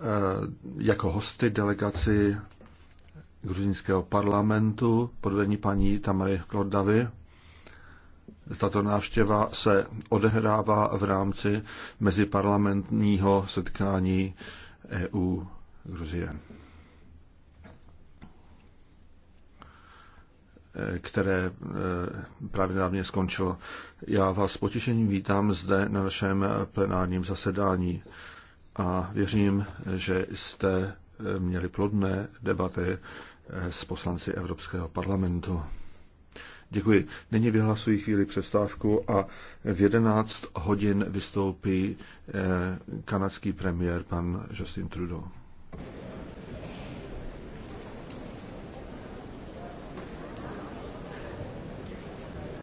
Eh, jako hosty delegaci gruzínského parlamentu pod vedení paní Tamary Klodavy. Tato návštěva se odehrává v rámci meziparlamentního setkání EU Gruzie, eh, které eh, právě nedávně skončilo. Já vás s potěšením vítám zde na našem plenárním zasedání a věřím, že jste eh, měli plodné debaty eh, s poslanci Evropského parlamentu. Děkuji. Nyní vyhlasuji chvíli přestávku a v 11 hodin vystoupí eh, kanadský premiér pan Justin Trudeau.